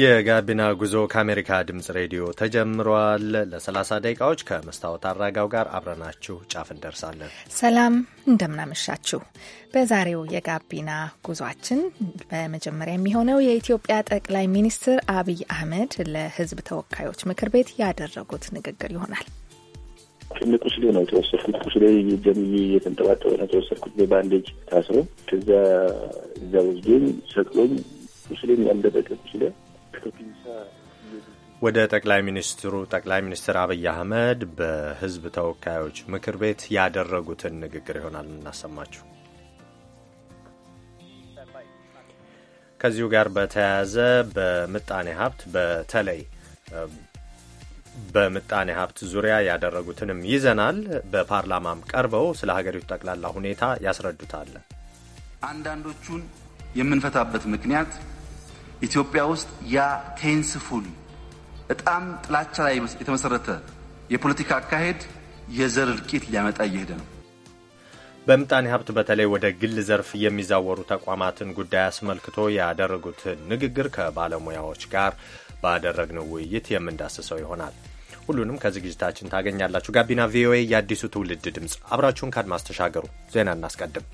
የጋቢና ጉዞ ከአሜሪካ ድምፅ ሬዲዮ ተጀምሯል። ለ30 ደቂቃዎች ከመስታወት አራጋው ጋር አብረናችሁ ጫፍ እንደርሳለን። ሰላም እንደምናመሻችሁ። በዛሬው የጋቢና ጉዟችን በመጀመሪያ የሚሆነው የኢትዮጵያ ጠቅላይ ሚኒስትር አብይ አህመድ ለሕዝብ ተወካዮች ምክር ቤት ያደረጉት ንግግር ይሆናል። ትልቁ ስሌ ነው የተወሰድኩት። ቁስሌ ጀምዬ የተንጠባጠበ ነው የተወሰድኩት በባንዴጅ ታስሮ ከዛ እዛ ወስዶኝ ሰቅሎኝ ቁስሌን ያምደበቀ ቁስሌ ወደ ጠቅላይ ሚኒስትሩ ጠቅላይ ሚኒስትር አብይ አህመድ በህዝብ ተወካዮች ምክር ቤት ያደረጉትን ንግግር ይሆናል እናሰማችሁ። ከዚሁ ጋር በተያያዘ በምጣኔ ሀብት በተለይ በምጣኔ ሀብት ዙሪያ ያደረጉትንም ይዘናል። በፓርላማም ቀርበው ስለ ሀገሪቱ ጠቅላላ ሁኔታ ያስረዱታል። አንዳንዶቹን የምንፈታበት ምክንያት ኢትዮጵያ ውስጥ ያ ቴንስፉል በጣም ጥላቻ ላይ የተመሰረተ የፖለቲካ አካሄድ የዘር እልቂት ሊያመጣ እየሄደ ነው። በምጣኔ ሀብት በተለይ ወደ ግል ዘርፍ የሚዛወሩ ተቋማትን ጉዳይ አስመልክቶ ያደረጉትን ንግግር ከባለሙያዎች ጋር ባደረግነው ውይይት የምንዳስሰው ይሆናል። ሁሉንም ከዝግጅታችን ታገኛላችሁ። ጋቢና ቪኦኤ የአዲሱ ትውልድ ድምፅ፣ አብራችሁን ካድማስ ተሻገሩ። ዜና እናስቀድም።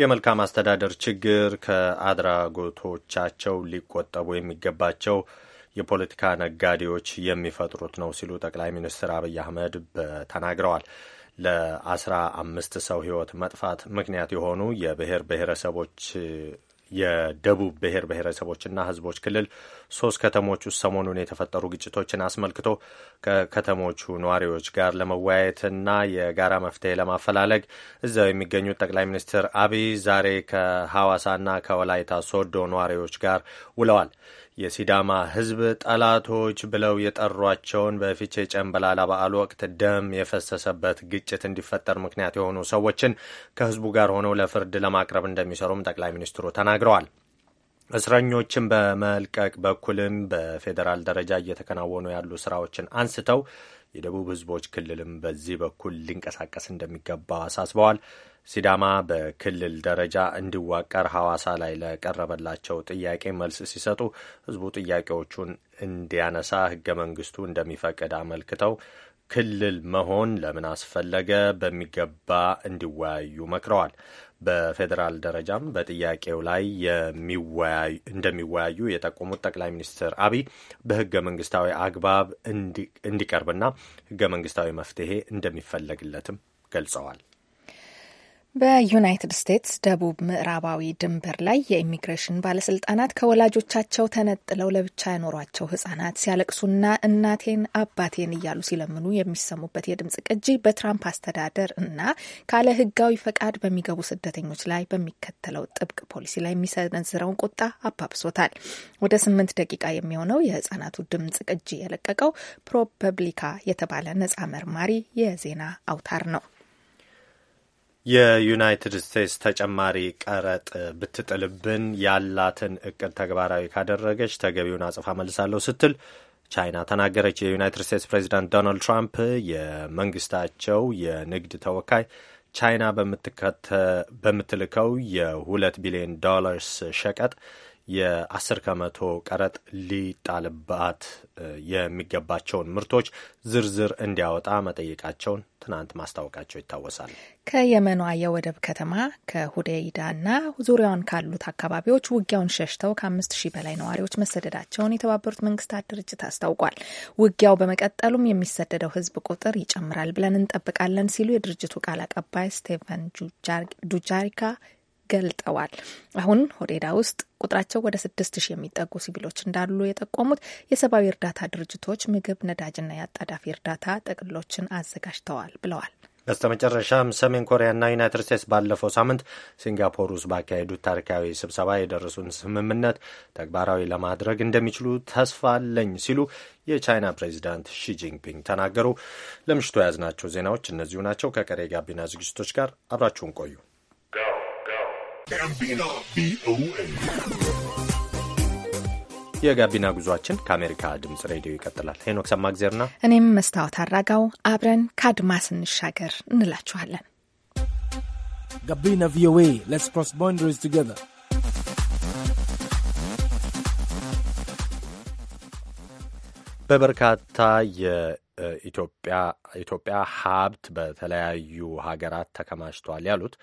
የመልካም አስተዳደር ችግር ከአድራጎቶቻቸው ሊቆጠቡ የሚገባቸው የፖለቲካ ነጋዴዎች የሚፈጥሩት ነው ሲሉ ጠቅላይ ሚኒስትር አብይ አህመድ ተናግረዋል። ለአስራ አምስት ሰው ህይወት መጥፋት ምክንያት የሆኑ የብሔር ብሔረሰቦች የደቡብ ብሔር ብሔረሰቦችና ሕዝቦች ክልል ሶስት ከተሞች ውስጥ ሰሞኑን የተፈጠሩ ግጭቶችን አስመልክቶ ከከተሞቹ ነዋሪዎች ጋር ለመወያየትና የጋራ መፍትሄ ለማፈላለግ እዚያው የሚገኙት ጠቅላይ ሚኒስትር አብይ ዛሬ ከሐዋሳና ከወላይታ ሶዶ ነዋሪዎች ጋር ውለዋል። የሲዳማ ሕዝብ ጠላቶች ብለው የጠሯቸውን በፊቼ ጨንበላላ በዓል ወቅት ደም የፈሰሰበት ግጭት እንዲፈጠር ምክንያት የሆኑ ሰዎችን ከሕዝቡ ጋር ሆነው ለፍርድ ለማቅረብ እንደሚሰሩም ጠቅላይ ሚኒስትሩ ተናግረዋል። እስረኞችን በመልቀቅ በኩልም በፌዴራል ደረጃ እየተከናወኑ ያሉ ስራዎችን አንስተው የደቡብ ሕዝቦች ክልልም በዚህ በኩል ሊንቀሳቀስ እንደሚገባ አሳስበዋል። ሲዳማ በክልል ደረጃ እንዲዋቀር ሐዋሳ ላይ ለቀረበላቸው ጥያቄ መልስ ሲሰጡ ህዝቡ ጥያቄዎቹን እንዲያነሳ ህገ መንግስቱ እንደሚፈቅድ አመልክተው ክልል መሆን ለምን አስፈለገ በሚገባ እንዲወያዩ መክረዋል። በፌዴራል ደረጃም በጥያቄው ላይ እንደሚወያዩ የጠቆሙት ጠቅላይ ሚኒስትር አብይ በህገ መንግስታዊ አግባብ እንዲቀርብና ህገ መንግስታዊ መፍትሄ እንደሚፈለግለትም ገልጸዋል። በዩናይትድ ስቴትስ ደቡብ ምዕራባዊ ድንበር ላይ የኢሚግሬሽን ባለስልጣናት ከወላጆቻቸው ተነጥለው ለብቻ ያኖሯቸው ህጻናት ሲያለቅሱና እናቴን አባቴን እያሉ ሲለምኑ የሚሰሙበት የድምጽ ቅጂ በትራምፕ አስተዳደር እና ካለ ህጋዊ ፈቃድ በሚገቡ ስደተኞች ላይ በሚከተለው ጥብቅ ፖሊሲ ላይ የሚሰነዝረውን ቁጣ አባብሶታል። ወደ ስምንት ደቂቃ የሚሆነው የህጻናቱ ድምጽ ቅጂ የለቀቀው ፕሮፐብሊካ የተባለ ነጻ መርማሪ የዜና አውታር ነው። የዩናይትድ ስቴትስ ተጨማሪ ቀረጥ ብትጥልብን ያላትን እቅድ ተግባራዊ ካደረገች ተገቢውን አጽፋ መልሳለሁ ስትል ቻይና ተናገረች። የዩናይትድ ስቴትስ ፕሬዚዳንት ዶናልድ ትራምፕ የመንግስታቸው የንግድ ተወካይ ቻይና በምትልከው የሁለት ቢሊዮን ዶላርስ ሸቀጥ የአስር ከመቶ ቀረጥ ሊጣልባት የሚገባቸውን ምርቶች ዝርዝር እንዲያወጣ መጠየቃቸውን ትናንት ማስታወቃቸው ይታወሳል። ከየመኗ የወደብ ከተማ ከሁዴይዳና ዙሪያውን ካሉት አካባቢዎች ውጊያውን ሸሽተው ከአምስት ሺህ በላይ ነዋሪዎች መሰደዳቸውን የተባበሩት መንግስታት ድርጅት አስታውቋል። ውጊያው በመቀጠሉም የሚሰደደው ህዝብ ቁጥር ይጨምራል ብለን እንጠብቃለን ሲሉ የድርጅቱ ቃል አቀባይ ስቴቨን ዱጃሪካ ገልጠዋል። አሁን ሆዴዳ ውስጥ ቁጥራቸው ወደ ስድስት ሺህ የሚጠጉ ሲቪሎች እንዳሉ የጠቆሙት የሰብአዊ እርዳታ ድርጅቶች ምግብ፣ ነዳጅና የአጣዳፊ እርዳታ ጥቅሎችን አዘጋጅተዋል ብለዋል። በስተመጨረሻም ሰሜን ኮሪያና ዩናይትድ ስቴትስ ባለፈው ሳምንት ሲንጋፖር ውስጥ ባካሄዱት ታሪካዊ ስብሰባ የደረሱን ስምምነት ተግባራዊ ለማድረግ እንደሚችሉ ተስፋ አለኝ ሲሉ የቻይና ፕሬዚዳንት ሺጂንፒንግ ተናገሩ። ለምሽቱ የያዝናቸው ዜናዎች እነዚሁ ናቸው። ከቀሬ ጋቢና ዝግጅቶች ጋር አብራችሁን ቆዩ። ጋቢና ቪኦኤ የጋቢና ጉዟችን ከአሜሪካ ድምጽ ሬዲዮ ይቀጥላል። ሄኖክ ሰማግዜርና እኔም መስታወት አራጋው አብረን ከአድማስ እንሻገር እንላችኋለን። ጋቢና ቪኦኤ ሌትስ ክሮስ ቦንደሪስ ቱጌዘር በበርካታ የኢትዮጵያ ኢትዮጵያ ሀብት በተለያዩ ሀገራት ተከማችቷል ያሉት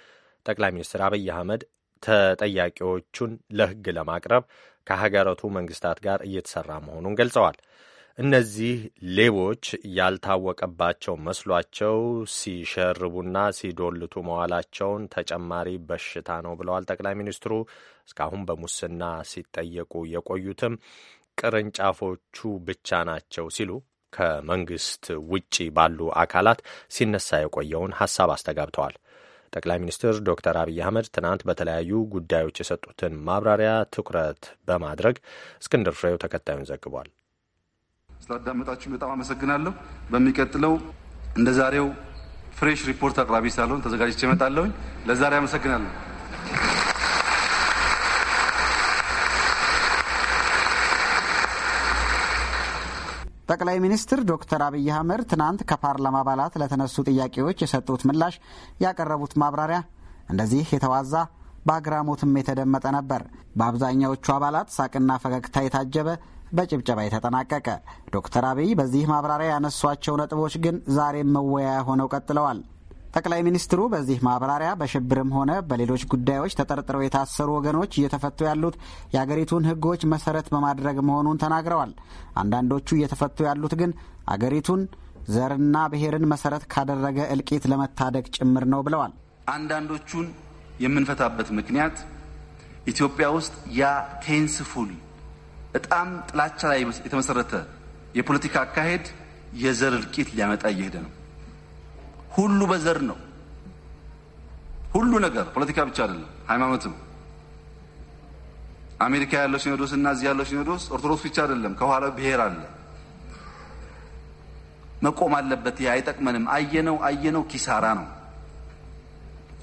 ጠቅላይ ሚኒስትር አብይ አህመድ ተጠያቂዎቹን ለሕግ ለማቅረብ ከሀገረቱ መንግስታት ጋር እየተሰራ መሆኑን ገልጸዋል። እነዚህ ሌቦች ያልታወቀባቸው መስሏቸው ሲሸርቡና ሲዶልቱ መዋላቸውን ተጨማሪ በሽታ ነው ብለዋል ጠቅላይ ሚኒስትሩ። እስካሁን በሙስና ሲጠየቁ የቆዩትም ቅርንጫፎቹ ብቻ ናቸው ሲሉ ከመንግስት ውጪ ባሉ አካላት ሲነሳ የቆየውን ሀሳብ አስተጋብተዋል። ጠቅላይ ሚኒስትር ዶክተር አብይ አህመድ ትናንት በተለያዩ ጉዳዮች የሰጡትን ማብራሪያ ትኩረት በማድረግ እስክንድር ፍሬው ተከታዩን ዘግቧል። ስላዳመጣችሁ በጣም አመሰግናለሁ። በሚቀጥለው እንደ ዛሬው ፍሬሽ ሪፖርት አቅራቢ ሳልሆን ተዘጋጅቼ እመጣለሁኝ። ለዛሬ አመሰግናለሁ። ጠቅላይ ሚኒስትር ዶክተር አብይ አህመድ ትናንት ከፓርላማ አባላት ለተነሱ ጥያቄዎች የሰጡት ምላሽ፣ ያቀረቡት ማብራሪያ እንደዚህ የተዋዛ በአግራሞትም የተደመጠ ነበር። በአብዛኛዎቹ አባላት ሳቅና ፈገግታ የታጀበ በጭብጨባ የተጠናቀቀ። ዶክተር አብይ በዚህ ማብራሪያ ያነሷቸው ነጥቦች ግን ዛሬም መወያያ ሆነው ቀጥለዋል። ጠቅላይ ሚኒስትሩ በዚህ ማብራሪያ በሽብርም ሆነ በሌሎች ጉዳዮች ተጠርጥረው የታሰሩ ወገኖች እየተፈቱ ያሉት የአገሪቱን ሕጎች መሰረት በማድረግ መሆኑን ተናግረዋል። አንዳንዶቹ እየተፈቱ ያሉት ግን አገሪቱን ዘርና ብሔርን መሰረት ካደረገ እልቂት ለመታደግ ጭምር ነው ብለዋል። አንዳንዶቹን የምንፈታበት ምክንያት ኢትዮጵያ ውስጥ ያ ቴንስፉል በጣም ጥላቻ ላይ የተመሰረተ የፖለቲካ አካሄድ የዘር እልቂት ሊያመጣ እየሄደ ነው። ሁሉ በዘር ነው። ሁሉ ነገር ፖለቲካ ብቻ አይደለም፣ ሃይማኖትም። አሜሪካ ያለው ሲኖዶስ እና እዚህ ያለው ሲኖዶስ ኦርቶዶክስ ብቻ አይደለም፣ ከኋላ ብሔር አለ። መቆም አለበት። ይህ አይጠቅመንም። አየነው አየነው፣ ኪሳራ ነው።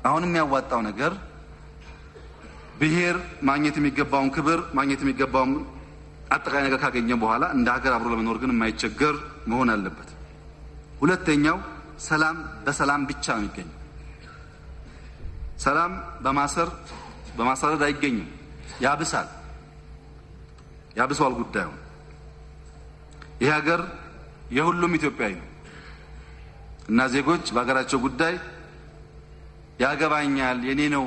አሁን የሚያዋጣው ነገር ብሔር ማግኘት የሚገባውን ክብር ማግኘት የሚገባውን አጠቃላይ ነገር ካገኘ በኋላ እንደ ሀገር አብሮ ለመኖር ግን የማይቸገር መሆን አለበት። ሁለተኛው ሰላም በሰላም ብቻ ነው የሚገኘው። ሰላም በማሰር በማሳደድ አይገኝም። ያብሳል፣ ያብሷል ጉዳዩ። ይህ ሀገር የሁሉም ኢትዮጵያዊ ነው እና ዜጎች በሀገራቸው ጉዳይ ያገባኛል፣ የኔ ነው፣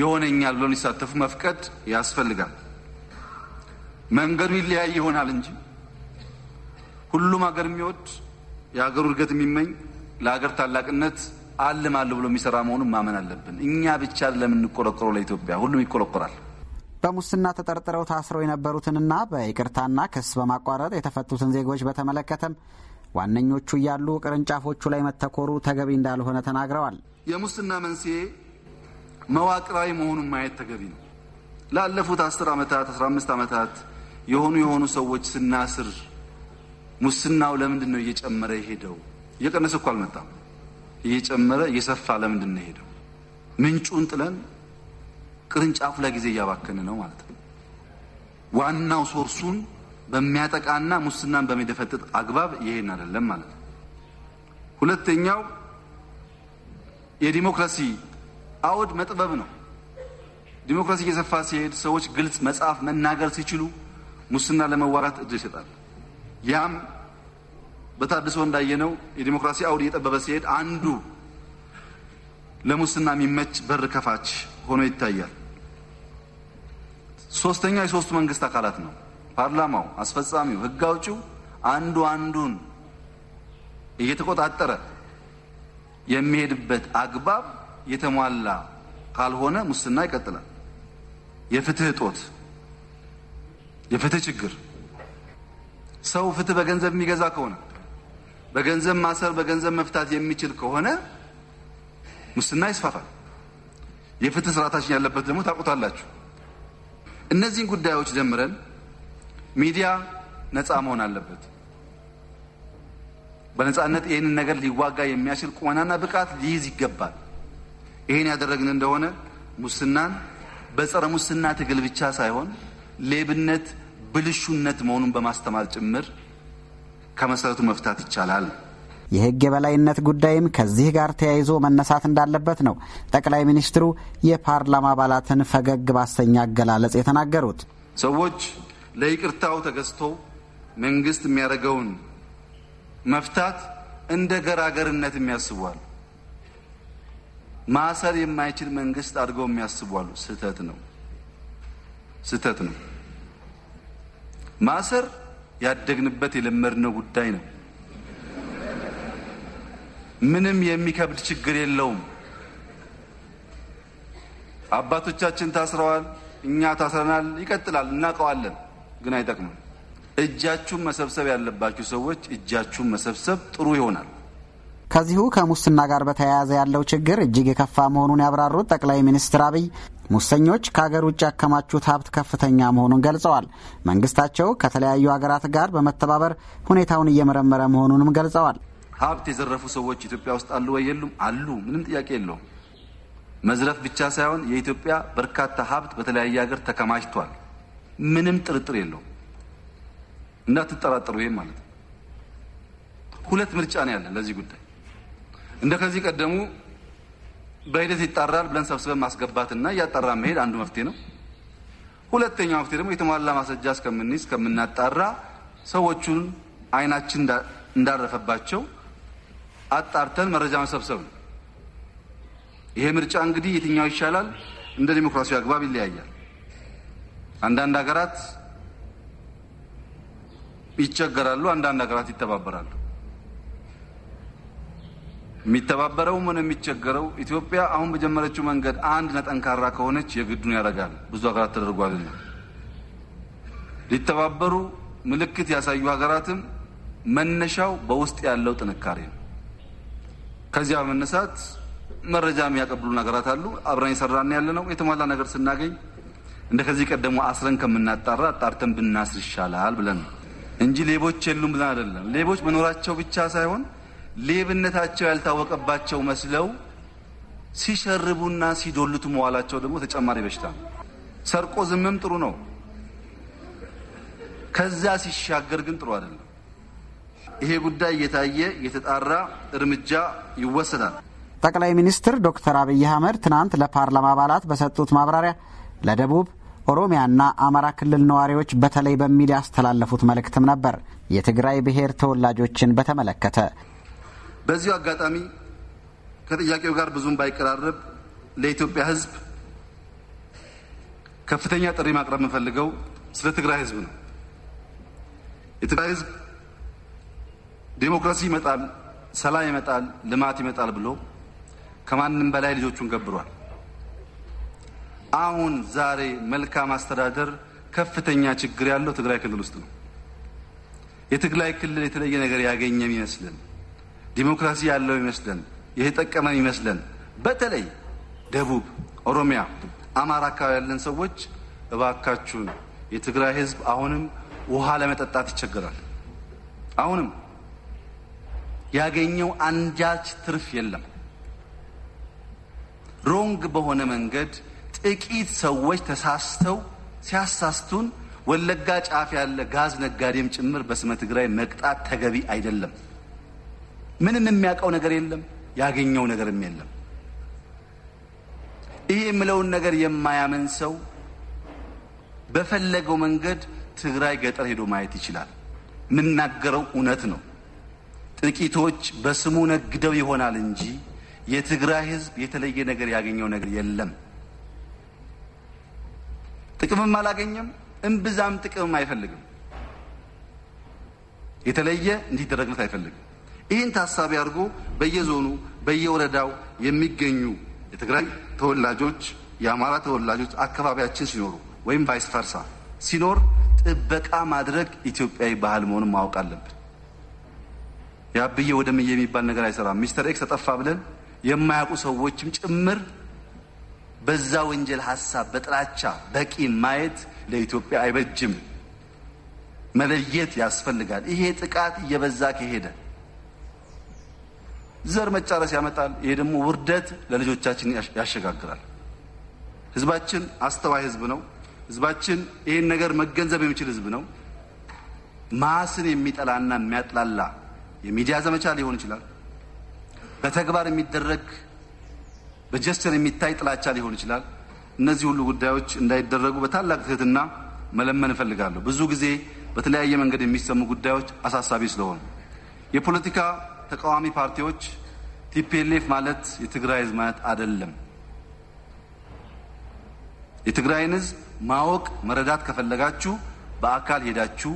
ይሆነኛል ብሎ እንዲሳተፉ መፍቀድ ያስፈልጋል። መንገዱ ይለያይ ይሆናል እንጂ ሁሉም ሀገር የሚወድ የሀገሩ እድገት የሚመኝ ለሀገር ታላቅነት አልማለሁ ብሎ የሚሰራ መሆኑን ማመን አለብን። እኛ ብቻ ለምንቆረቆረው ለኢትዮጵያ ሁሉም ይቆረቆራል። በሙስና ተጠርጥረው ታስረው የነበሩትንና በይቅርታና ክስ በማቋረጥ የተፈቱትን ዜጎች በተመለከተም ዋነኞቹ እያሉ ቅርንጫፎቹ ላይ መተኮሩ ተገቢ እንዳልሆነ ተናግረዋል። የሙስና መንስኤ መዋቅራዊ መሆኑን ማየት ተገቢ ነው። ላለፉት አስር ዓመታት አስራ አምስት ዓመታት የሆኑ የሆኑ ሰዎች ስናስር ሙስናው ለምንድን ነው እየጨመረ የሄደው እየቀነሰ እኮ አልመጣም። እየጨመረ እየሰፋ ለምንድን ነው ሄደው? ምንጩን ጥለን ቅርንጫፉ ላይ ጊዜ እያባከን ነው ማለት ነው። ዋናው ሶርሱን በሚያጠቃና ሙስናን በሚደፈጥጥ አግባብ ይሄን አይደለም ማለት ነው። ሁለተኛው የዲሞክራሲ አውድ መጥበብ ነው። ዲሞክራሲ እየሰፋ ሲሄድ ሰዎች ግልጽ መጽሐፍ መናገር ሲችሉ ሙስና ለመዋጋት እድል ይሰጣል። ያም በታድሶ እንዳየነው የዲሞክራሲ አውድ እየጠበበ ሲሄድ አንዱ ለሙስና የሚመች በር ከፋች ሆኖ ይታያል። ሶስተኛ የሶስቱ መንግስት አካላት ነው። ፓርላማው፣ አስፈጻሚው፣ ህግ አውጪው አንዱ አንዱን እየተቆጣጠረ የሚሄድበት አግባብ የተሟላ ካልሆነ ሙስና ይቀጥላል። የፍትህ እጦት፣ የፍትህ ችግር ሰው ፍትህ በገንዘብ የሚገዛ ከሆነ በገንዘብ ማሰር በገንዘብ መፍታት የሚችል ከሆነ ሙስና ይስፋፋል። የፍትህ ስርዓታችን ያለበት ደግሞ ታውቁታላችሁ። እነዚህን ጉዳዮች ጀምረን ሚዲያ ነፃ መሆን አለበት። በነፃነት ይህንን ነገር ሊዋጋ የሚያስችል ቁመናና ብቃት ሊይዝ ይገባል። ይህን ያደረግን እንደሆነ ሙስናን በጸረ ሙስና ትግል ብቻ ሳይሆን ሌብነት፣ ብልሹነት መሆኑን በማስተማር ጭምር ከመሰረቱ መፍታት ይቻላል። የህግ የበላይነት ጉዳይም ከዚህ ጋር ተያይዞ መነሳት እንዳለበት ነው ጠቅላይ ሚኒስትሩ የፓርላማ አባላትን ፈገግ ባሰኛ አገላለጽ የተናገሩት። ሰዎች ለይቅርታው ተገዝተው መንግስት የሚያደርገውን መፍታት እንደ ገራገርነት የሚያስቧል። ማሰር የማይችል መንግስት አድርገው የሚያስቧሉ። ስህተት ነው፣ ስህተት ነው ማሰር ያደግንበት የለመድነው ጉዳይ ነው። ምንም የሚከብድ ችግር የለውም። አባቶቻችን ታስረዋል፣ እኛ ታስረናል። ይቀጥላል፣ እናውቀዋለን፣ ግን አይጠቅምም። እጃችሁን መሰብሰብ ያለባችሁ ሰዎች እጃችሁን መሰብሰብ ጥሩ ይሆናል። ከዚሁ ከሙስና ጋር በተያያዘ ያለው ችግር እጅግ የከፋ መሆኑን ያብራሩት ጠቅላይ ሚኒስትር አብይ ሙሰኞች ከሀገር ውጭ ያከማቹት ሀብት ከፍተኛ መሆኑን ገልጸዋል። መንግስታቸው ከተለያዩ ሀገራት ጋር በመተባበር ሁኔታውን እየመረመረ መሆኑንም ገልጸዋል። ሀብት የዘረፉ ሰዎች ኢትዮጵያ ውስጥ አሉ ወይ? የሉም? አሉ። ምንም ጥያቄ የለውም። መዝረፍ ብቻ ሳይሆን የኢትዮጵያ በርካታ ሀብት በተለያየ ሀገር ተከማችቷል። ምንም ጥርጥር የለውም እና ትጠራጠሩ። ማለት ነው። ሁለት ምርጫ ነው ያለን ለዚህ ጉዳይ እንደ ከዚህ ቀደሙ በሂደት ይጣራል ብለን ሰብስበን ማስገባትና እያጣራ መሄድ አንዱ መፍትሄ ነው። ሁለተኛው መፍትሄ ደግሞ የተሟላ ማስረጃ እስከምንይዝ እስከምናጣራ ሰዎቹን አይናችን እንዳረፈባቸው አጣርተን መረጃ መሰብሰብ ነው። ይሄ ምርጫ እንግዲህ የትኛው ይሻላል እንደ ዲሞክራሲው አግባብ ይለያያል። አንዳንድ ሀገራት ይቸገራሉ፣ አንዳንድ ሀገራት ይተባበራሉ። የሚተባበረው ምን የሚቸገረው ኢትዮጵያ አሁን በጀመረችው መንገድ አንድ ነጠንካራ ከሆነች የግዱን ያደርጋል። ብዙ ሀገራት ተደርጓልና ሊተባበሩ ምልክት ያሳዩ ሀገራትም መነሻው በውስጥ ያለው ጥንካሬ ነው። ከዚያ በመነሳት መረጃ የሚያቀብሉን ሀገራት አሉ። አብረን የሰራን ያለ ነው። የተሟላ ነገር ስናገኝ እንደ ከዚህ ቀደሞ አስረን ከምናጣራ አጣርተን ብናስር ይሻላል ብለን ነው እንጂ ሌቦች የሉም ብለን አይደለም። ሌቦች መኖራቸው ብቻ ሳይሆን ሌብነታቸው ያልታወቀባቸው መስለው ሲሸርቡና ሲዶልቱ መዋላቸው ደግሞ ተጨማሪ በሽታ ነው። ሰርቆ ዝምም ጥሩ ነው። ከዛ ሲሻገር ግን ጥሩ አይደለም። ይሄ ጉዳይ እየታየ የተጣራ እርምጃ ይወሰዳል። ጠቅላይ ሚኒስትር ዶክተር አብይ አህመድ ትናንት ለፓርላማ አባላት በሰጡት ማብራሪያ ለደቡብ ኦሮሚያና አማራ ክልል ነዋሪዎች በተለይ በሚል ያስተላለፉት መልእክትም ነበር የትግራይ ብሔር ተወላጆችን በተመለከተ በዚሁ አጋጣሚ ከጥያቄው ጋር ብዙም ባይቀራረብ ለኢትዮጵያ ሕዝብ ከፍተኛ ጥሪ ማቅረብ የምፈልገው ስለ ትግራይ ሕዝብ ነው። የትግራይ ሕዝብ ዴሞክራሲ ይመጣል፣ ሰላም ይመጣል፣ ልማት ይመጣል ብሎ ከማንም በላይ ልጆቹን ገብሯል። አሁን ዛሬ መልካም አስተዳደር ከፍተኛ ችግር ያለው ትግራይ ክልል ውስጥ ነው። የትግራይ ክልል የተለየ ነገር ያገኘ ይመስልን ዲሞክራሲ ያለው ይመስለን የተጠቀመን ይመስለን በተለይ ደቡብ፣ ኦሮሚያ፣ አማራ አካባቢ ያለን ሰዎች እባካችሁን የትግራይ ህዝብ አሁንም ውሃ ለመጠጣት ይቸገራል። አሁንም ያገኘው አንጃች ትርፍ የለም። ሮንግ በሆነ መንገድ ጥቂት ሰዎች ተሳስተው ሲያሳስቱን ወለጋ ጫፍ ያለ ጋዝ ነጋዴም ጭምር በስመ ትግራይ መቅጣት ተገቢ አይደለም። ምንም የሚያውቀው ነገር የለም፣ ያገኘው ነገርም የለም። ይህ የምለውን ነገር የማያምን ሰው በፈለገው መንገድ ትግራይ ገጠር ሄዶ ማየት ይችላል። የምናገረው እውነት ነው። ጥቂቶች በስሙ ነግደው ይሆናል እንጂ የትግራይ ሕዝብ የተለየ ነገር ያገኘው ነገር የለም። ጥቅምም አላገኘም፣ እምብዛም ጥቅምም አይፈልግም። የተለየ እንዲደረግለት አይፈልግም። ይህን ታሳቢ አድርጎ በየዞኑ በየወረዳው የሚገኙ የትግራይ ተወላጆች የአማራ ተወላጆች አካባቢያችን ሲኖሩ ወይም ቫይስ ፈርሳ ሲኖር ጥበቃ ማድረግ ኢትዮጵያዊ ባህል መሆኑን ማወቅ አለብን። የአብዬ ምዬ የሚባል ነገር አይሰራም። ሚስተር ኤክስ ተጠፋ ብለን የማያውቁ ሰዎችም ጭምር በዛ ወንጀል ሀሳብ በጥላቻ በቂ ማየት ለኢትዮጵያ አይበጅም። መለየት ያስፈልጋል። ይሄ ጥቃት እየበዛ ከሄደ ዘር መጫረስ ያመጣል። ይሄ ደግሞ ውርደት ለልጆቻችን ያሸጋግራል። ህዝባችን አስተዋይ ህዝብ ነው። ህዝባችን ይህን ነገር መገንዘብ የሚችል ህዝብ ነው። ማስን የሚጠላና የሚያጥላላ የሚዲያ ዘመቻ ሊሆን ይችላል። በተግባር የሚደረግ በጀስቸር የሚታይ ጥላቻ ሊሆን ይችላል። እነዚህ ሁሉ ጉዳዮች እንዳይደረጉ በታላቅ ትህትና መለመን እፈልጋለሁ። ብዙ ጊዜ በተለያየ መንገድ የሚሰሙ ጉዳዮች አሳሳቢ ስለሆኑ የፖለቲካ ተቃዋሚ ፓርቲዎች ቲፒኤልኤፍ ማለት የትግራይ ህዝብ ማለት አይደለም። የትግራይን ህዝብ ማወቅ መረዳት ከፈለጋችሁ በአካል ሄዳችሁ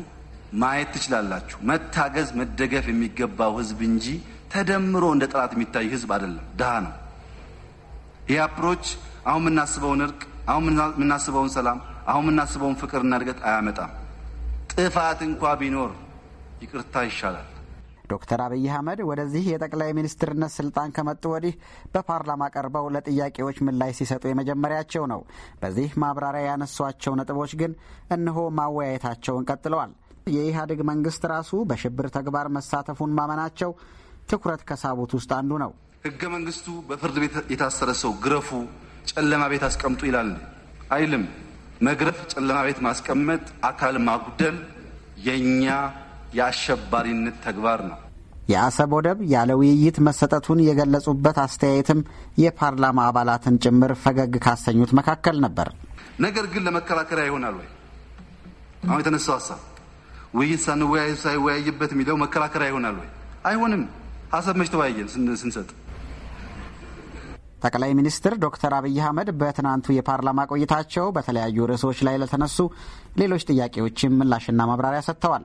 ማየት ትችላላችሁ። መታገዝ መደገፍ የሚገባው ህዝብ እንጂ ተደምሮ እንደ ጠላት የሚታይ ህዝብ አይደለም፣ ድሃ ነው። ይህ አፕሮች አሁን የምናስበውን እርቅ፣ አሁን የምናስበውን ሰላም፣ አሁን የምናስበውን ፍቅርና እድገት አያመጣም። ጥፋት እንኳ ቢኖር ይቅርታ ይሻላል። ዶክተር አብይ አህመድ ወደዚህ የጠቅላይ ሚኒስትርነት ስልጣን ከመጡ ወዲህ በፓርላማ ቀርበው ለጥያቄዎች ምላሽ ሲሰጡ የመጀመሪያቸው ነው። በዚህ ማብራሪያ ያነሷቸው ነጥቦች ግን እነሆ ማወያየታቸውን ቀጥለዋል። የኢህአዴግ መንግስት ራሱ በሽብር ተግባር መሳተፉን ማመናቸው ትኩረት ከሳቡት ውስጥ አንዱ ነው። ህገ መንግስቱ በፍርድ ቤት የታሰረ ሰው ግረፉ፣ ጨለማ ቤት አስቀምጡ ይላል አይልም። መግረፍ፣ ጨለማ ቤት ማስቀመጥ፣ አካል ማጉደል የእኛ የአሸባሪነት ተግባር ነው። የአሰብ ወደብ ያለ ውይይት መሰጠቱን የገለጹበት አስተያየትም የፓርላማ አባላትን ጭምር ፈገግ ካሰኙት መካከል ነበር። ነገር ግን ለመከራከሪያ ይሆናል ወይ? አሁን የተነሳው ሀሳብ ውይይት ሳንወያይ ሳይወያይበት የሚለው መከራከሪያ ይሆናል ወይ? አይሆንም። አሰብ መች ተወያየን ስንሰጥ። ጠቅላይ ሚኒስትር ዶክተር አብይ አህመድ በትናንቱ የፓርላማ ቆይታቸው በተለያዩ ርዕሶች ላይ ለተነሱ ሌሎች ጥያቄዎችም ምላሽና ማብራሪያ ሰጥተዋል።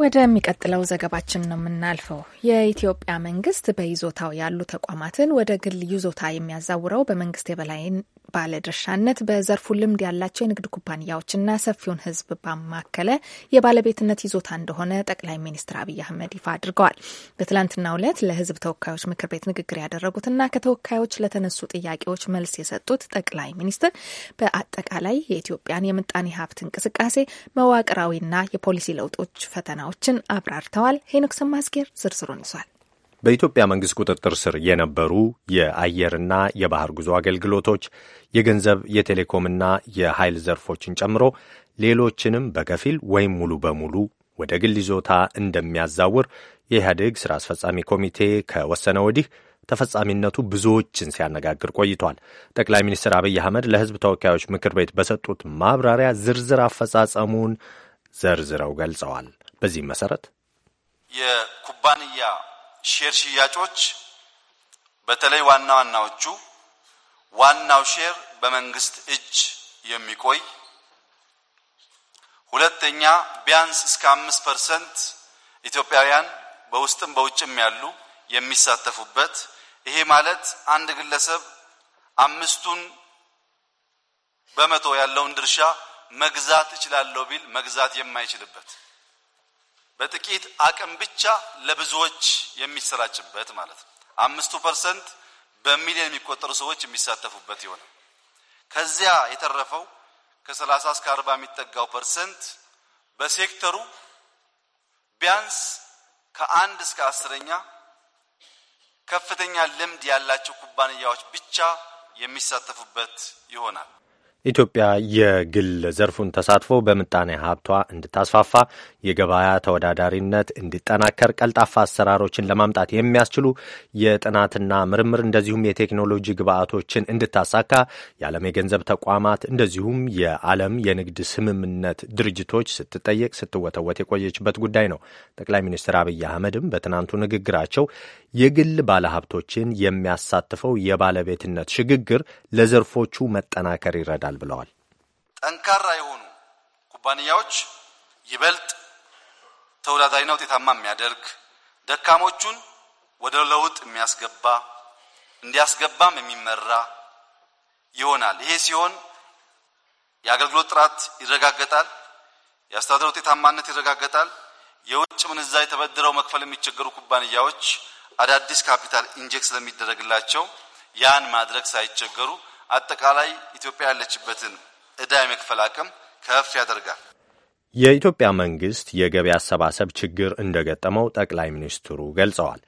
ወደሚቀጥለው ዘገባችን ነው የምናልፈው። የኢትዮጵያ መንግስት በይዞታው ያሉ ተቋማትን ወደ ግል ይዞታ የሚያዛውረው በመንግስት የበላይን ባለድርሻነት በዘርፉ ልምድ ያላቸው የንግድ ኩባንያዎችና ሰፊውን ሕዝብ ባማከለ የባለቤትነት ይዞታ እንደሆነ ጠቅላይ ሚኒስትር አብይ አህመድ ይፋ አድርገዋል። በትላንትናው ዕለት ለሕዝብ ተወካዮች ምክር ቤት ንግግር ያደረጉትና ከተወካዮች ለተነሱ ጥያቄዎች መልስ የሰጡት ጠቅላይ ሚኒስትር በአጠቃላይ የኢትዮጵያን የምጣኔ ሀብት እንቅስቃሴ መዋቅራዊና የፖሊሲ ለውጦች ፈተና ዜናዎችን አብራርተዋል። ሄኖክ ሰማዝጌር ዝርዝሩን ይዟል። በኢትዮጵያ መንግስት ቁጥጥር ስር የነበሩ የአየርና የባህር ጉዞ አገልግሎቶች፣ የገንዘብ የቴሌኮምና የኃይል ዘርፎችን ጨምሮ ሌሎችንም በከፊል ወይም ሙሉ በሙሉ ወደ ግል ይዞታ እንደሚያዛውር የኢህአዴግ ስራ አስፈጻሚ ኮሚቴ ከወሰነ ወዲህ ተፈጻሚነቱ ብዙዎችን ሲያነጋግር ቆይቷል። ጠቅላይ ሚኒስትር አብይ አህመድ ለህዝብ ተወካዮች ምክር ቤት በሰጡት ማብራሪያ ዝርዝር አፈጻጸሙን ዘርዝረው ገልጸዋል። በዚህም መሰረት የኩባንያ ሼር ሽያጮች በተለይ ዋና ዋናዎቹ ዋናው ሼር በመንግስት እጅ የሚቆይ ሁለተኛ ቢያንስ እስከ አምስት ፐርሰንት ኢትዮጵያውያን በውስጥም በውጭም ያሉ የሚሳተፉበት ይሄ ማለት አንድ ግለሰብ አምስቱን በመቶ ያለውን ድርሻ መግዛት እችላለሁ ቢል መግዛት የማይችልበት በጥቂት አቅም ብቻ ለብዙዎች የሚሰራጭበት ማለት ነው። አምስቱ ፐርሰንት በሚሊዮን የሚቆጠሩ ሰዎች የሚሳተፉበት ይሆናል። ከዚያ የተረፈው ከ30 እስከ 40 የሚጠጋው ፐርሰንት በሴክተሩ ቢያንስ ከአንድ እስከ አስረኛ ከፍተኛ ልምድ ያላቸው ኩባንያዎች ብቻ የሚሳተፉበት ይሆናል። ኢትዮጵያ የግል ዘርፉን ተሳትፎ በምጣኔ ሀብቷ እንድታስፋፋ የገበያ ተወዳዳሪነት እንዲጠናከር፣ ቀልጣፋ አሰራሮችን ለማምጣት የሚያስችሉ የጥናትና ምርምር እንደዚሁም የቴክኖሎጂ ግብዓቶችን እንድታሳካ የዓለም የገንዘብ ተቋማት እንደዚሁም የዓለም የንግድ ስምምነት ድርጅቶች ስትጠየቅ ስትወተወት የቆየችበት ጉዳይ ነው። ጠቅላይ ሚኒስትር አብይ አህመድም በትናንቱ ንግግራቸው የግል ባለሀብቶችን የሚያሳትፈው የባለቤትነት ሽግግር ለዘርፎቹ መጠናከር ይረዳል ብለዋል። ጠንካራ የሆኑ ኩባንያዎች ይበልጥ ተወዳዳሪና ውጤታማ የሚያደርግ ደካሞቹን ወደ ለውጥ የሚያስገባ እንዲያስገባም የሚመራ ይሆናል። ይሄ ሲሆን የአገልግሎት ጥራት ይረጋገጣል። የአስተዳደር ውጤታማነት ይረጋገጣል። የውጭ ምንዛ ተበድረው መክፈል የሚቸገሩ ኩባንያዎች አዳዲስ ካፒታል ኢንጀክት ስለሚደረግላቸው ያን ማድረግ ሳይቸገሩ አጠቃላይ ኢትዮጵያ ያለችበትን እዳ የመክፈል አቅም ከፍ ያደርጋል። የኢትዮጵያ መንግስት የገቢ አሰባሰብ ችግር እንደገጠመው ጠቅላይ ሚኒስትሩ ገልጸዋል።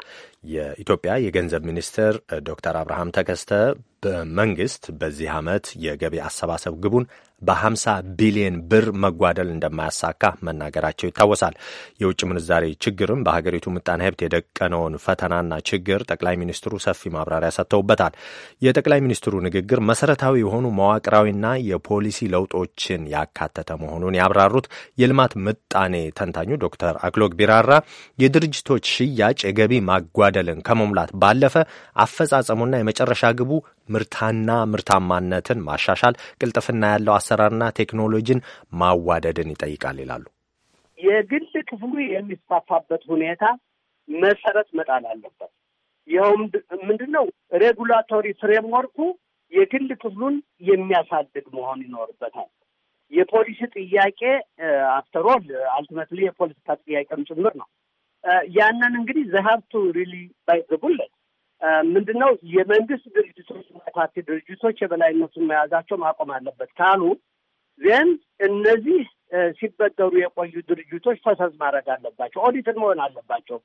የኢትዮጵያ የገንዘብ ሚኒስትር ዶክተር አብርሃም ተከስተ በመንግስት በዚህ ዓመት የገቢ አሰባሰብ ግቡን በ50 ቢሊዮን ብር መጓደል እንደማያሳካ መናገራቸው ይታወሳል። የውጭ ምንዛሬ ችግርም በሀገሪቱ ምጣኔ ሀብት የደቀነውን ፈተናና ችግር ጠቅላይ ሚኒስትሩ ሰፊ ማብራሪያ ሰጥተውበታል። የጠቅላይ ሚኒስትሩ ንግግር መሰረታዊ የሆኑ መዋቅራዊና የፖሊሲ ለውጦችን ያካተተ መሆኑን ያብራሩት የልማት ምጣኔ ተንታኙ ዶክተር አክሎግ ቢራራ የድርጅቶች ሽያጭ የገቢ ማጓደልን ከመሙላት ባለፈ አፈጻጸሙና የመጨረሻ ግቡ ምርታና ምርታማነትን ማሻሻል፣ ቅልጥፍና ያለው አሰራርና ቴክኖሎጂን ማዋደድን ይጠይቃል ይላሉ። የግል ክፍሉ የሚስፋፋበት ሁኔታ መሰረት መጣል አለበት። ይኸው ምንድን ነው ሬጉላቶሪ ፍሬምወርኩ የግል ክፍሉን የሚያሳድግ መሆን ይኖርበታል። የፖሊሲ ጥያቄ አፍተሮል አልቲሜትሊ የፖለቲካ ጥያቄም ጭምር ነው። ያንን እንግዲህ ዘሀብቱ ሪሊ ባይዘቡለት ምንድን ነው የመንግስት ድርጅቶች ፓርቲ ድርጅቶች የበላይነቱን መያዛቸው ማቆም አለበት ካሉ ዜን እነዚህ ሲበደሩ የቆዩ ድርጅቶች ፈሰስ ማድረግ አለባቸው። ኦዲትን መሆን አለባቸው።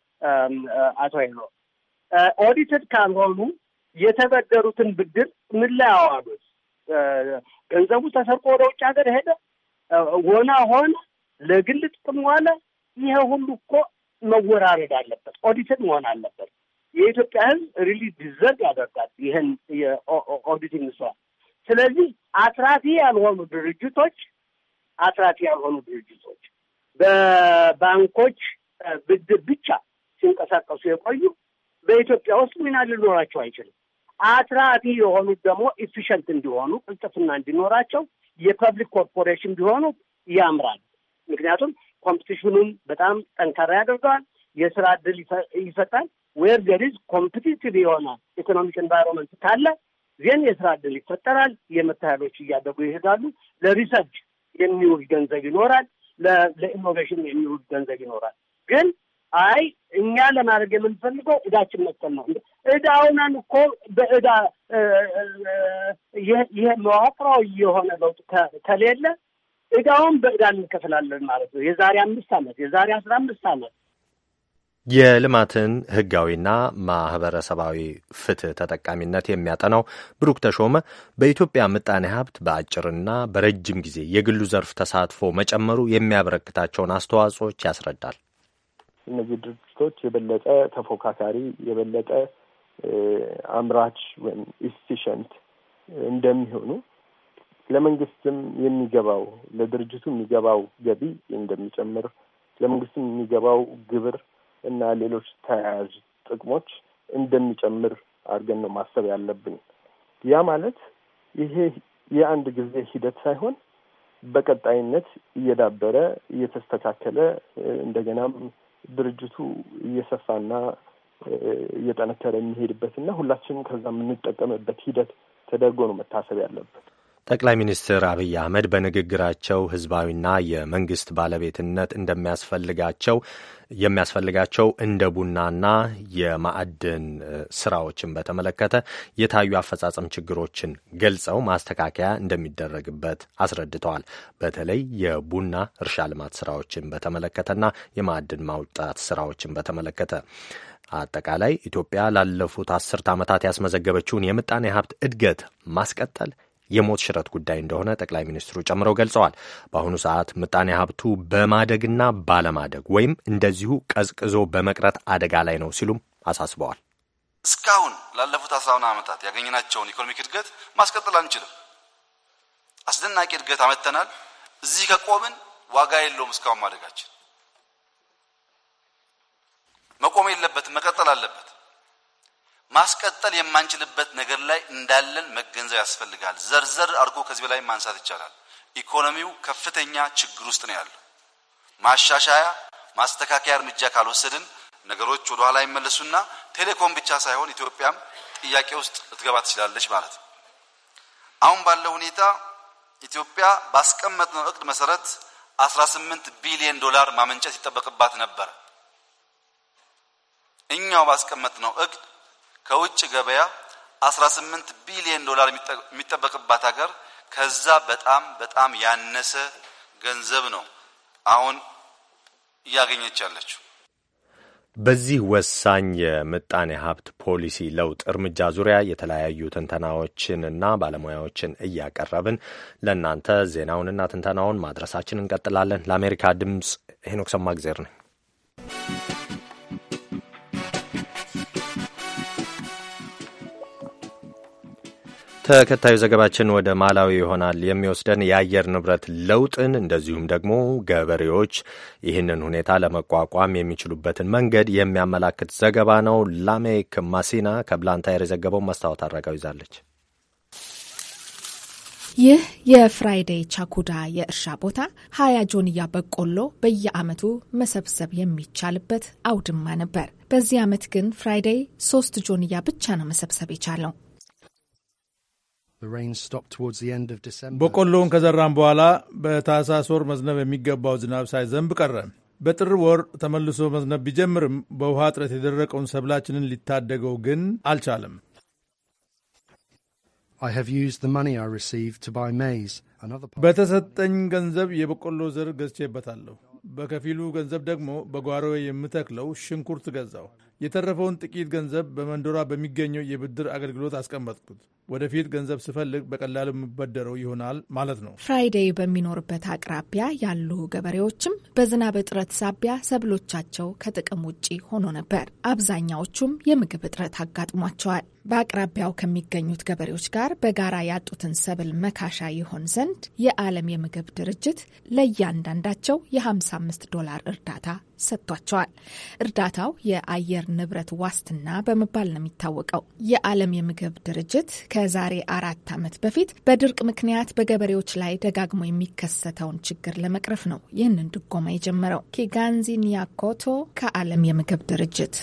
አቶ ሄኖ ኦዲትድ ካልሆኑ የተበደሩትን ብድር ምን ላይ አዋሉት? ገንዘቡ ተሰርቆ ወደ ውጭ ሀገር ሄደ ወና ሆነ ለግል ጥቅም ዋለ። ይሄ ሁሉ እኮ መወራረድ አለበት፣ ኦዲትን መሆን አለበት። የኢትዮጵያ ህዝብ ሪሊ ዲዘርቭ ያደርጋል ይህን የኦዲቲንግ ስራ። ስለዚህ አትራፊ ያልሆኑ ድርጅቶች አትራፊ ያልሆኑ ድርጅቶች በባንኮች ብድር ብቻ ሲንቀሳቀሱ የቆዩ በኢትዮጵያ ውስጥ ሚና ሊኖራቸው አይችልም። አትራፊ የሆኑት ደግሞ ኢፊሸንት እንዲሆኑ ቅልጥፍና እንዲኖራቸው የፐብሊክ ኮርፖሬሽን ቢሆኑ ያምራል። ምክንያቱም ኮምፒቲሽኑም በጣም ጠንካራ ያደርገዋል። የስራ እድል ይፈጣል። ዌር ደሪዝ ኮምፒቲቲቭ የሆነ ኢኮኖሚክ ኤንቫይሮንመንት ካለ ዜን የስራ ዕድል ይፈጠራል። የመታያሎች እያደጉ ይሄዳሉ። ለሪሰርች የሚውል ገንዘብ ይኖራል። ለኢኖቬሽን የሚውል ገንዘብ ይኖራል። ግን አይ እኛ ለማድረግ የምንፈልገው እዳችን መክፈል ነው። እዳውናን እኮ በእዳ ይህ መዋቅራዊ የሆነ ለውጥ ከሌለ እዳውን በእዳ እንከፍላለን ማለት ነው። የዛሬ አምስት ዓመት የዛሬ አስራ አምስት ዓመት የልማትን ህጋዊና ማህበረሰባዊ ፍትህ ተጠቃሚነት የሚያጠናው ብሩክ ተሾመ በኢትዮጵያ ምጣኔ ሀብት በአጭርና በረጅም ጊዜ የግሉ ዘርፍ ተሳትፎ መጨመሩ የሚያበረክታቸውን አስተዋጽኦች ያስረዳል። እነዚህ ድርጅቶች የበለጠ ተፎካካሪ፣ የበለጠ አምራች ወይም ኢፊሽንት እንደሚሆኑ ለመንግስትም የሚገባው ለድርጅቱ የሚገባው ገቢ እንደሚጨምር ለመንግስትም የሚገባው ግብር እና ሌሎች ተያያዥ ጥቅሞች እንደሚጨምር አድርገን ነው ማሰብ ያለብን። ያ ማለት ይሄ የአንድ ጊዜ ሂደት ሳይሆን በቀጣይነት እየዳበረ እየተስተካከለ እንደገናም ድርጅቱ እየሰፋና እየጠነከረ የሚሄድበት እና ሁላችንም ከዛ የምንጠቀምበት ሂደት ተደርጎ ነው መታሰብ ያለበት። ጠቅላይ ሚኒስትር አብይ አህመድ በንግግራቸው ህዝባዊና የመንግስት ባለቤትነት እንደሚያስፈልጋቸው የሚያስፈልጋቸው እንደ ቡናና የማዕድን ስራዎችን በተመለከተ የታዩ አፈጻጸም ችግሮችን ገልጸው ማስተካከያ እንደሚደረግበት አስረድተዋል። በተለይ የቡና እርሻ ልማት ስራዎችን በተመለከተና የማዕድን ማውጣት ስራዎችን በተመለከተ አጠቃላይ ኢትዮጵያ ላለፉት አስርት ዓመታት ያስመዘገበችውን የምጣኔ ሀብት እድገት ማስቀጠል የሞት ሽረት ጉዳይ እንደሆነ ጠቅላይ ሚኒስትሩ ጨምረው ገልጸዋል። በአሁኑ ሰዓት ምጣኔ ሀብቱ በማደግና ባለማደግ ወይም እንደዚሁ ቀዝቅዞ በመቅረት አደጋ ላይ ነው ሲሉም አሳስበዋል። እስካሁን ላለፉት አስራ ዓመታት ያገኘናቸውን ኢኮኖሚክ እድገት ማስቀጠል አንችልም። አስደናቂ እድገት አመተናል። እዚህ ከቆምን ዋጋ የለውም። እስካሁን ማደጋችን መቆም የለበትም፣ መቀጠል አለበት። ማስቀጠል የማንችልበት ነገር ላይ እንዳለን መገንዘብ ያስፈልጋል። ዘርዘር አድርጎ ከዚህ በላይ ማንሳት ይቻላል። ኢኮኖሚው ከፍተኛ ችግር ውስጥ ነው ያለው። ማሻሻያ ማስተካከያ እርምጃ ካልወሰድን ነገሮች ወደ ኋላ ይመለሱና ቴሌኮም ብቻ ሳይሆን ኢትዮጵያም ጥያቄ ውስጥ ልትገባ ትችላለች ማለት ነው። አሁን ባለው ሁኔታ ኢትዮጵያ ባስቀመጥነው እቅድ መሰረት 18 ቢሊዮን ዶላር ማመንጨት ይጠበቅባት ነበር። እኛው ባስቀመጥነው እቅድ ከውጭ ገበያ 18 ቢሊዮን ዶላር የሚጠበቅባት ሀገር ከዛ በጣም በጣም ያነሰ ገንዘብ ነው አሁን እያገኘች ያለችው። በዚህ ወሳኝ የምጣኔ ሀብት ፖሊሲ ለውጥ እርምጃ ዙሪያ የተለያዩ ትንተናዎችንና ባለሙያዎችን እያቀረብን ለእናንተ ዜናውንና ትንተናውን ማድረሳችን እንቀጥላለን። ለአሜሪካ ድምፅ ሄኖክ ሰማግዜር ነኝ። ተከታዩ ዘገባችን ወደ ማላዊ ይሆናል የሚወስደን የአየር ንብረት ለውጥን እንደዚሁም ደግሞ ገበሬዎች ይህንን ሁኔታ ለመቋቋም የሚችሉበትን መንገድ የሚያመላክት ዘገባ ነው። ላሜክ ማሲና ከብላንታየር የዘገበው መስታወት አረጋው ይዛለች። ይህ የፍራይዴይ ቻኩዳ የእርሻ ቦታ ሀያ ጆንያ በቆሎ በየአመቱ መሰብሰብ የሚቻልበት አውድማ ነበር። በዚህ አመት ግን ፍራይዴይ ሶስት ጆንያ ብቻ ነው መሰብሰብ የቻለው። በቆሎውን ከዘራም በኋላ በታህሳስ ወር መዝነብ የሚገባው ዝናብ ሳይዘንብ ቀረ። በጥር ወር ተመልሶ መዝነብ ቢጀምርም በውሃ እጥረት የደረቀውን ሰብላችንን ሊታደገው ግን አልቻለም። በተሰጠኝ ገንዘብ የበቆሎ ዘር ገዝቼበታለሁ። በከፊሉ ገንዘብ ደግሞ በጓሮ የምተክለው ሽንኩርት ገዛው። የተረፈውን ጥቂት ገንዘብ በመንዶራ በሚገኘው የብድር አገልግሎት አስቀመጥኩት። ወደፊት ገንዘብ ስፈልግ በቀላሉ የምበደረው ይሆናል ማለት ነው። ፍራይዴይ በሚኖርበት አቅራቢያ ያሉ ገበሬዎችም በዝናብ እጥረት ሳቢያ ሰብሎቻቸው ከጥቅም ውጪ ሆኖ ነበር። አብዛኛዎቹም የምግብ እጥረት አጋጥሟቸዋል። በአቅራቢያው ከሚገኙት ገበሬዎች ጋር በጋራ ያጡትን ሰብል መካሻ ይሆን ዘንድ የዓለም የምግብ ድርጅት ለእያንዳንዳቸው የ55 ዶላር እርዳታ ሰጥቷቸዋል። እርዳታው የአየር ንብረት ዋስትና በመባል ነው የሚታወቀው። የዓለም የምግብ ድርጅት ከዛሬ አራት ዓመት በፊት በድርቅ ምክንያት በገበሬዎች ላይ ደጋግሞ የሚከሰተውን ችግር ለመቅረፍ ነው ይህንን ድጎማ የጀመረው። ኪጋንዚ ኒያኮቶ ከዓለም የምግብ ድርጅት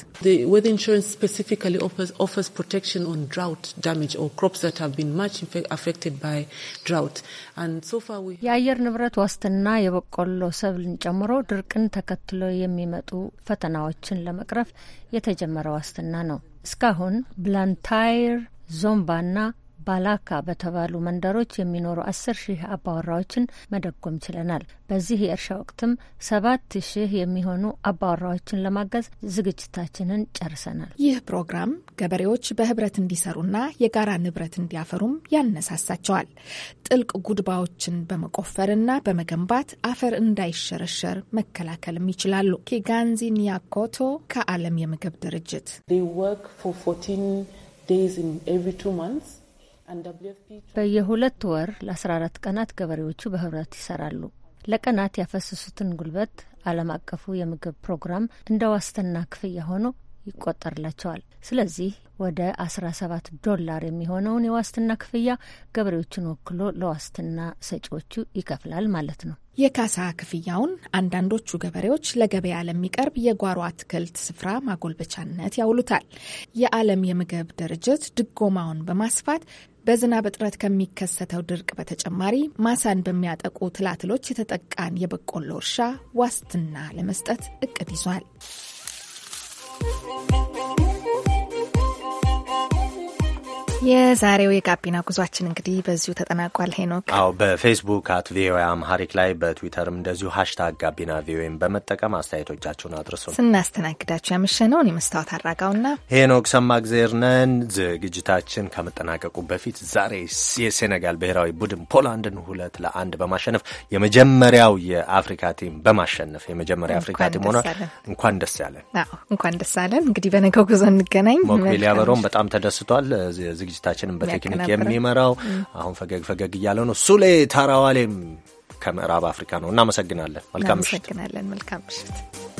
reflection on drought damage or crops that have been much affected by drought. And so far we የአየር ንብረት ዋስትና የበቆሎ ሰብልን ጨምሮ ድርቅን ተከትሎ የሚመጡ ፈተናዎችን ለመቅረፍ የተጀመረ ዋስትና ነው። እስካሁን ብላንታይር ዞምባና ባላካ በተባሉ መንደሮች የሚኖሩ አስር ሺህ አባወራዎችን መደጎም ችለናል። በዚህ የእርሻ ወቅትም ሰባት ሺህ የሚሆኑ አባወራዎችን ለማገዝ ዝግጅታችንን ጨርሰናል። ይህ ፕሮግራም ገበሬዎች በህብረት እንዲሰሩና የጋራ ንብረት እንዲያፈሩም ያነሳሳቸዋል። ጥልቅ ጉድባዎችን በመቆፈርና በመገንባት አፈር እንዳይሸረሸር መከላከልም ይችላሉ። ኪጋንዚ ኒያኮቶ ከዓለም የምግብ ድርጅት በየሁለት ወር ለ14 ቀናት ገበሬዎቹ በህብረት ይሰራሉ። ለቀናት ያፈሰሱትን ጉልበት ዓለም አቀፉ የምግብ ፕሮግራም እንደ ዋስትና ክፍያ ሆኖ ይቆጠርላቸዋል። ስለዚህ ወደ 17 ዶላር የሚሆነውን የዋስትና ክፍያ ገበሬዎችን ወክሎ ለዋስትና ሰጪዎቹ ይከፍላል ማለት ነው። የካሳ ክፍያውን አንዳንዶቹ ገበሬዎች ለገበያ ለሚቀርብ የጓሮ አትክልት ስፍራ ማጎልበቻነት ያውሉታል። የዓለም የምግብ ድርጅት ድጎማውን በማስፋት በዝናብ እጥረት ከሚከሰተው ድርቅ በተጨማሪ ማሳን በሚያጠቁ ትላትሎች የተጠቃን የበቆሎ እርሻ ዋስትና ለመስጠት እቅድ ይዟል። የዛሬው የጋቢና ጉዟችን እንግዲህ በዚሁ ተጠናቋል። ሄኖክ አዎ፣ በፌስቡክ አት ቪኦኤ አምሃሪክ ላይ በትዊተርም እንደዚሁ ሀሽታግ ጋቢና ቪኦኤን በመጠቀም አስተያየቶቻችሁን አድርሱ። ስናስተናግዳችሁ ያመሸነውን የመስታወት አራጋውና ሄኖክ ሰማግዜር ነን። ዝግጅታችን ከመጠናቀቁ በፊት ዛሬ የሴኔጋል ብሔራዊ ቡድን ፖላንድን ሁለት ለአንድ በማሸነፍ የመጀመሪያው የአፍሪካ ቲም በማሸነፍ የመጀመሪያ የአፍሪካ ቲም ሆኗል። እንኳን ደስ ያለን፣ እንኳን ደስ ያለን። እንግዲህ በነገው ጉዞ እንገናኝ። ሞክቢል ያበረውም በጣም ተደስቷል። ዝግጅታችንን በቴክኒክ የሚመራው አሁን ፈገግ ፈገግ እያለ ነው ሱሌ ታራዋሌም ከምዕራብ አፍሪካ ነው። እናመሰግናለን። መልካም ምሽት።